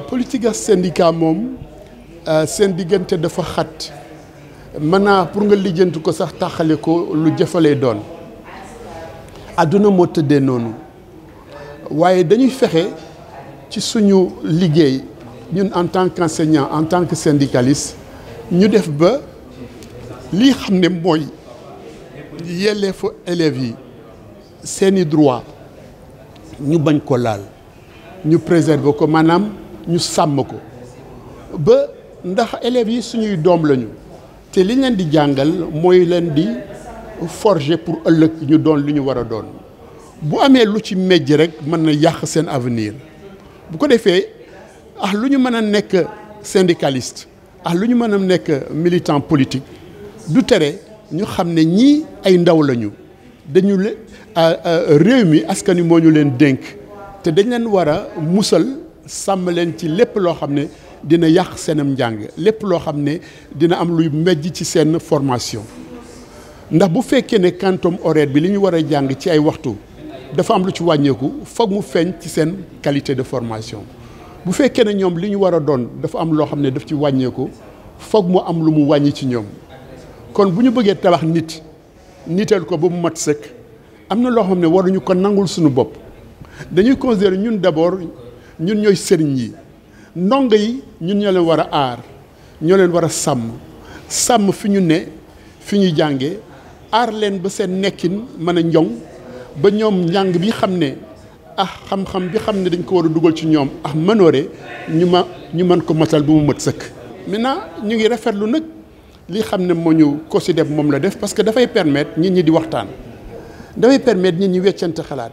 politique syndicat moom euh, seen diggante dafa xat mën naa pour nga lijjanti ko sax taxale lu jëfalee doon àdduna moo tëddee noonu waaye dañuy fexe ci suñu liggéey ñun en tant qu'enseignant en tant que syndicaliste ñu def ba lii ne mooy élèves droit ñu bañ ko laal ñu préserver ko nous sommes ba ndax élèves yi suñuy dom lañu di jangal moy leen di forger pour ëllëg ñu doon li ñu doon bu amé lu ci nous rek mën avenir bu ko défé ah lu ñu nek syndicaliste ah militant politique du téré ñu xamné ne ay ndaw lañu dañu le ah, ah, réew mi askan leen te dañ sàmm leen ci lépp loo xam ne dina yàq seenam njàng lépp loo xam ne dina am luy mejj ci seen formation ndax bu fekkee ne quantum horaire bi li ñu war jàng ci ay waxtu dafa am lu ci wàññeeku foog mu feeñ ci seen qualité de formation bu fekkee ne ñoom li ñu war a doon dafa am loo xam ne daf ci wàññeeku foog mu am lu mu wàññi ci ñoom kon bu ñu bëggee tabax nit niteel ko ba mu mat sëkk am na loo xam ne waruñu ko nangul suñu bopp dañuy considérer ñun d'abord ñun ñooy sëriñ yi ndongo yi ñun ñoo leen war a aar ñoo leen war a sàmm sàmm fi ñu ne fi ñuy jànge aar leen ba seen nekkin mën a njoŋ ba ñoom njàng bi xam ne ah xam-xam bi xam ne dañ ko war a dugal ci ñoom ah manoore ñu ma ñu mën ko matal bu mu mët sëkk. maintenant ñu ngi rafetlu nag li xam ne moo ñu ko si def moom la def parce que dafay permettre nit ñi di waxtaan dafay permettre nit ñi weccante xalaat.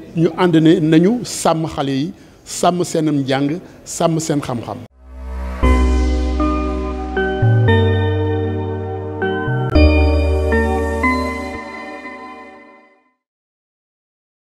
ñu ànd nañu sàmm xale yi sàmm seenam njàng sàmm seen xam-xam